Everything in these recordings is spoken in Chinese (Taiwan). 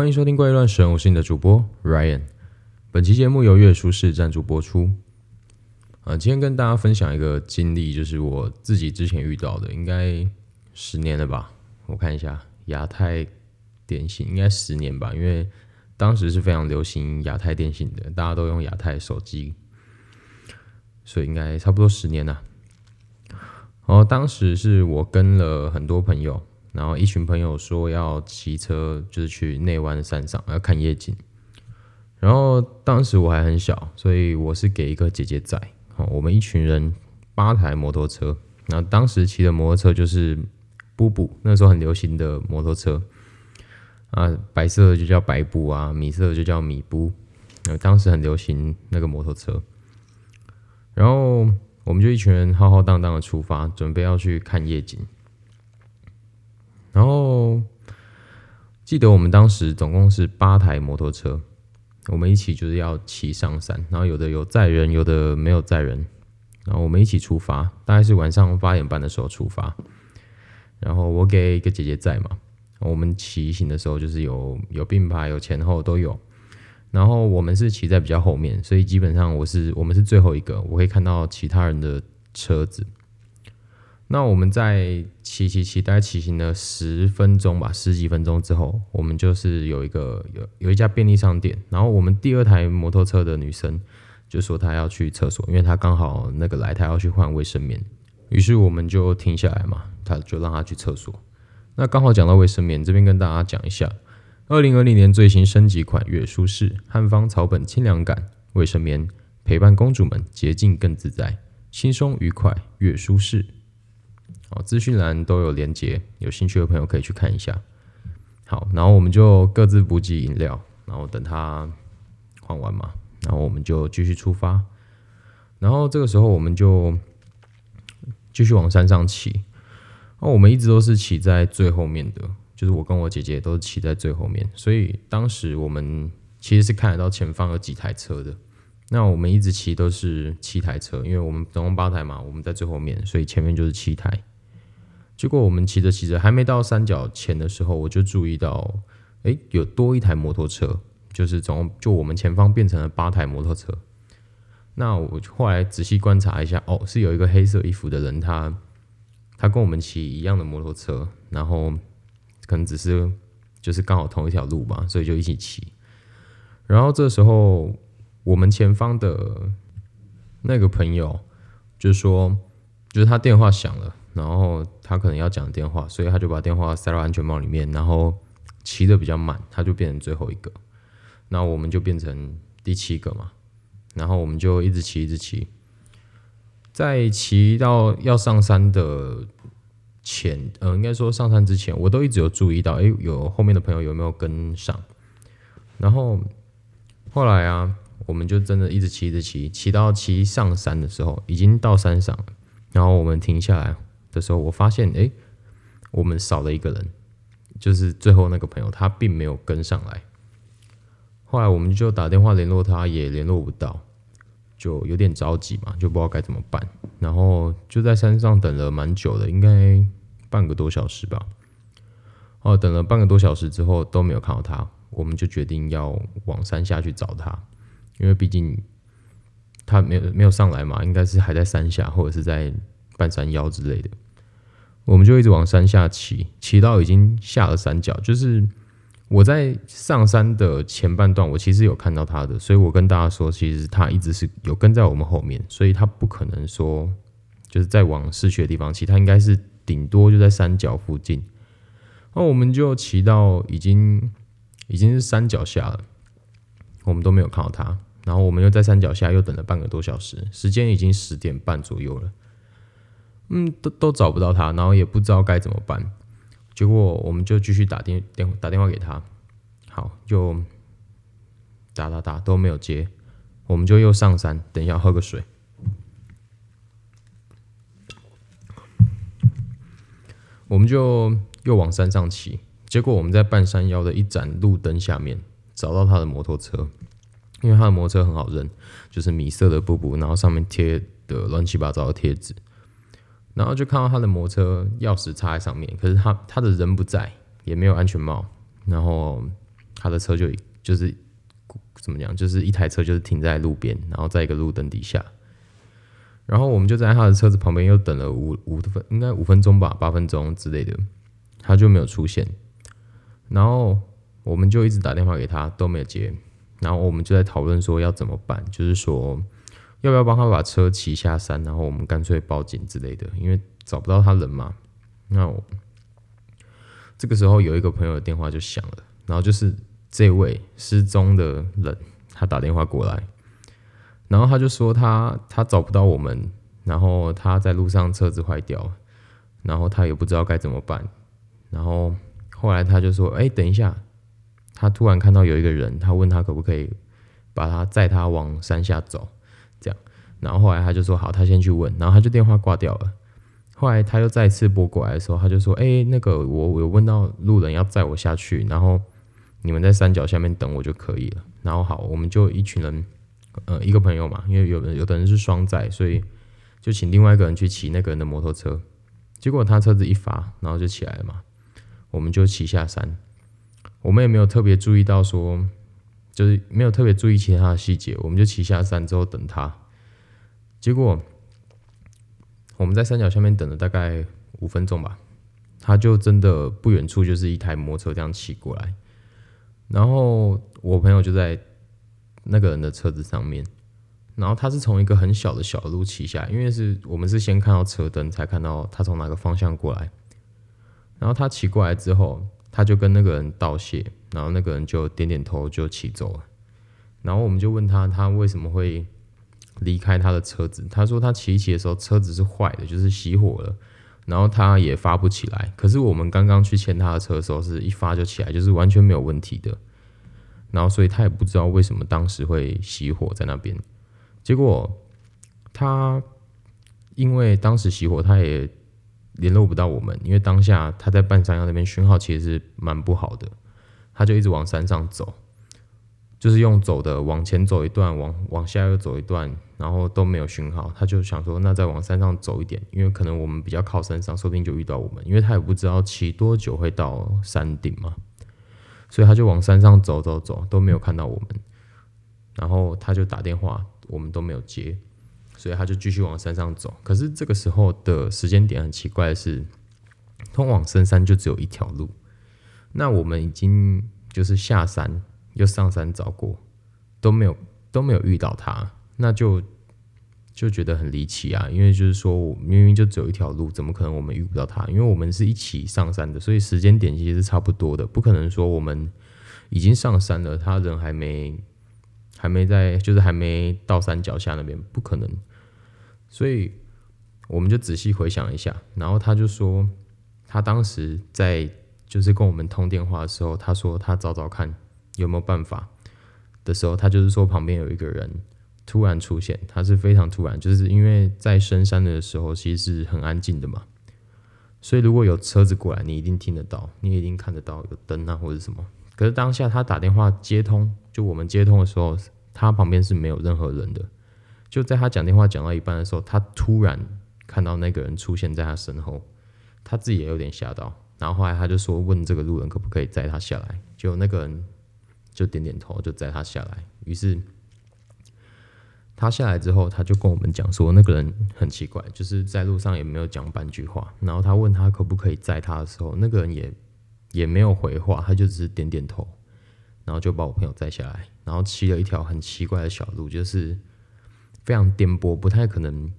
歡迎收聽《怪力亂，亂神》，我是你的主播 Ryan。本期節目由悅舒適贊助播出。呃，今天跟大家分享一個經歷，就是我自己之前遇到的，應該十年了吧？我看一下，亞太電信應該十年吧，因為當時是非常流行亞太電信的，大家都用亞太手機，所以應該差不多十年了，啊。然，哦、後當時是我跟了很多朋友。然後一群朋友說要騎車，就是去內灣的山上要看夜景。然後當時我還很小，所以我是給一個姐姐載。我們一群人八台摩托車。然後當時騎的摩托車就是布布，那時候很流行的摩托車。啊，白色的就叫白布啊，米色的就叫米布。當時很流行那個摩托車。然後我們就一群人浩浩蕩蕩的出發，準備要去看夜景。然後記得我們當時總共是八台摩托車，我們一起就是要騎上山。然後有的有載人，有的沒有載人。然後我們一起出發，大概是晚上八點半的時候出發。然後我給一個姐姐載嘛。我們騎行的時候就是有有並排，有前後都有。然後我們是騎在比較後面，所以基本上我是我們是最後一個，我可以看到其他人的車子。那我們在騎騎騎，大概騎行了十分鐘吧，十幾分鐘之後，我們就是有一個有有一家便利商店。然後我們第二台摩托車的女生就說她要去廁所，因為她剛好那個來，她要去換衛生棉。於是我們就停下來嘛，她就讓她去廁所。那剛好講到衛生棉，這邊跟大家講一下，二零二零年最新升級款，悅舒適，漢方草本清涼感衛生棉，陪伴公主們潔淨更自在，輕鬆愉快，悅舒適。好，資訊欄都有連結，有興趣的朋友可以去看一下。好，然後我們就各自補給飲料，然後等他換完嘛，然後我們就繼續出發。然後這個時候我們就繼續往山上騎。那我們一直都是騎在最後面的，就是我跟我姐姐都是騎在最後面，所以當時我們其實是看得到前方有幾台車的。那我們一直騎都是七台車，因為我們總共八台嘛，我們在最後面，所以前面就是七台。結果我們騎着騎着，還沒到山腳前的時候，我就注意到，誒、欸，有多一台摩托車，就是從就我們前方變成了八台摩托車。那我後來仔細觀察一下，哦，是有一個黑色衣服的人，他他跟我們騎一樣的摩托車，然後可能只是就是剛好同一條路吧，所以就一起騎。然後這時候，我們前方的那個朋友就說，就是他電話響了。然後他可能要講電話，所以他就把電話塞到安全帽裡面，然後騎的比較慢，他就變成最後一個。那我們就變成第七個嘛，然後我們就一直騎，一直騎，在騎到要上山的前，呃，應該說上山之前，我都一直有注意到，哎，有後面的朋友有沒有跟上？然後後來啊，我們就真的一直騎，一直騎，騎到騎上山的時候，已經到山上，然後我們停下來。的時候，我發現誒，我們少了一個人，就是最後那個朋友，他並沒有跟上來。後來我們就打電話聯絡他，也聯絡不到，就有點着急嘛，就不知道該怎麼辦。然後就在山上等了蠻久的，應該半個多小時吧。哦，等了半個多小時之後都沒有看到他，我們就決定要往山下去找他，因為畢竟他沒有沒有上來嘛，應該是還在山下或者是在。半山腰之類的，我們就一直往山下騎，騎到已經下了山腳。就是我在上山的前半段，我其實有看到他的，所以我跟大家說，其實他一直是有跟在我們後面，所以他不可能說就是在往市區的地方騎，他應該是頂多就在山腳附近。那我們就騎到已經已經是山腳下了，我們都沒有看到他。然後我們又在山腳下又等了半個多小時，時間已經十點半左右了。嗯，都都找不到他，然後也不知道該怎麼辦。結果我們就繼續打電電打電話給他，好就打打打都沒有接，我們就又上山，等一下喝個水。我們就又往山上騎，結果我們在半山腰的一盞路燈下面找到他的摩托車，因為他的摩托車很好認，就是米色的布布，然後上面貼的亂七八糟的貼紙。然後就看到他的摩托車鑰匙插在上面，可是他他的人不在，也沒有安全帽，然後他的車就就是怎麼講，就是一台車就是停在路邊，然後在一個路燈底下，然後我們就在他的車子旁邊又等了五五分，應該五分鐘吧，八分鐘之類的，他就沒有出現，然後我們就一直打電話給他都沒有接，然後我們就在討論說要怎麼辦，就是說。要不要幫他把車騎下山，然後我們乾脆報警之類的？因為找不到他人嘛。那我這個時候有一個朋友的電話就響了，然後就是這位失蹤的人，他打電話過來，然後他就說他他找不到我們，然後他在路上車子壞掉，然後他也不知道該怎麼辦，然後後來他就說：“哎，等一下！”他突然看到有一個人，他問他可不可以把他載他往山下走。這樣，然後後來他就說好，他先去問，然後他就電話掛掉了。後來他又再次撥過來的時候，他就說：“欸，那個我我有問到路人要載我下去，然後你們在山腳下面等我就可以了。”然後好，我們就一群人，呃，一個朋友嘛，因為有的有的人是雙載，所以就請另外一個人去騎那個人的摩托車。結果他車子一發，然後就起來了嘛，我們就騎下山。我們也沒有特別注意到說。就是沒有特別注意其他的細節，我們就騎下山之後等他。結果我們在山腳下面等了大概五分鐘吧，他就真的不遠處就是一台摩托車這樣騎過來，然後我朋友就在那個人的車子上面，然後他是從一個很小的小路騎下，因為是我們是先看到車燈才看到他從哪個方向過來，然後他騎過來之後。他就跟那個人道謝，然後那個人就點點頭，就騎走了。然後我們就問他，他為什麼會離開他的車子？他說他騎一騎的時候，車子是壞的，就是熄火了，然後他也發不起來。可是我們剛剛去牽他的車的時候，是一發就起來，就是完全沒有問題的。然後所以他也不知道為什麼當時會熄火在那邊。結果他因為當時熄火，他也。聯絡不到我們，因為當下他在半山腰那邊訊號其實是蠻不好的，他就一直往山上走，就是用走的往前走一段，往往下又走一段，然後都沒有訊號，他就想說那再往山上走一點，因為可能我們比較靠山上，說不定就遇到我們，因為他也不知道騎多久會到山頂嘛，所以他就往山上走，走走走，都沒有看到我們，然後他就打電話，我們都沒有接。所以他就繼續往山上走。可是這個時候的時間點很奇怪的是，通往深山就只有一條路。那我們已經就是下山又上山找過，都沒有都沒有遇到他，那就就覺得很離奇啊！因為就是說我明明就只有一條路，怎麼可能我們遇不到他？因為我們是一起上山的，所以時間點其實是差不多的。不可能說我們已經上山了，他人還沒還沒在，就是還沒到山腳下那邊，不可能。所以我們就仔細回想一下，然後他就說，他當時在就是跟我們通電話的時候，他說他找找看有沒有辦法的時候，他就是說旁邊有一個人突然出現，他是非常突然，就是因為在深山的時候其實是很安靜的嘛，所以如果有車子過來，你一定聽得到，你也一定看得到有燈啊或者什麼。可是當下他打電話接通，就我們接通的時候，他旁邊是沒有任何人的。就在他講電話講到一半的時候，他突然看到那個人出現在他身後，他自己也有點嚇到。然後後來他就說：“問這個路人可不可以載他下來。”就那個人就點點頭，就載他下來。於是他下來之後，他就跟我們講說：“那個人很奇怪，就是在路上也沒有講半句話。然後他問他可不可以載他的時候，那個人也也沒有回話，他就只是點點頭，然後就把我朋友載下來。然後騎了一條很奇怪的小路，就是……非常顛簸，不太可能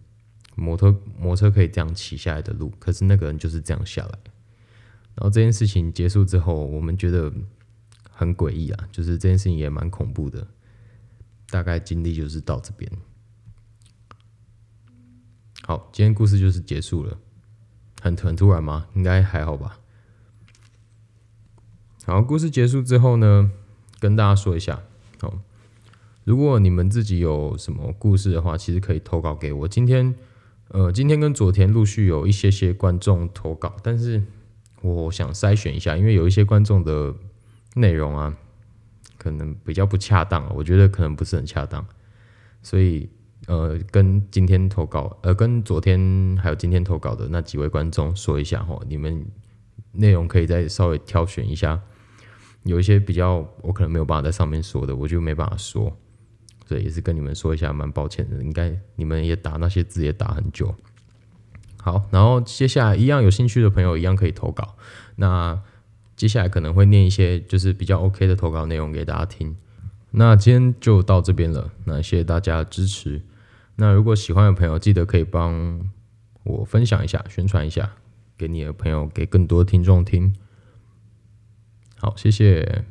摩托、摩托車可以這樣騎下來的路。可是那個人就是這樣下來。然後這件事情結束之後，我們覺得很詭異啊，就是這件事情也蠻恐怖的。大概經歷就是到這邊。好，今天故事就是結束了。很很突然嗎？應該還好吧。好，故事結束之後呢，跟大家說一下。好。如果你們自己有什麼故事的話，其實可以投稿給我。今天，呃，今天跟昨天陸續有一些些觀眾投稿，但是我想篩選一下，因為有一些觀眾的內容啊，可能比較不恰當，我覺得可能不是很恰當，所以呃，跟今天投稿，呃，跟昨天還有今天投稿的那幾位觀眾說一下齁，你們內容可以再稍微挑選一下，有一些比較我可能沒有辦法在上面說的，我就沒辦法說。對，也是跟你們說一下，蠻抱歉的，應該你們也打那些字也打很久。好，然後接下來一樣有興趣的朋友一樣可以投稿。那接下來可能會念一些就是比較 OK 的投稿內容給大家聽。那今天就到這邊了，那謝謝大家的支持。那如果喜歡的朋友，記得可以幫我分享一下、宣傳一下，給你的朋友、給更多聽眾聽。好，謝謝。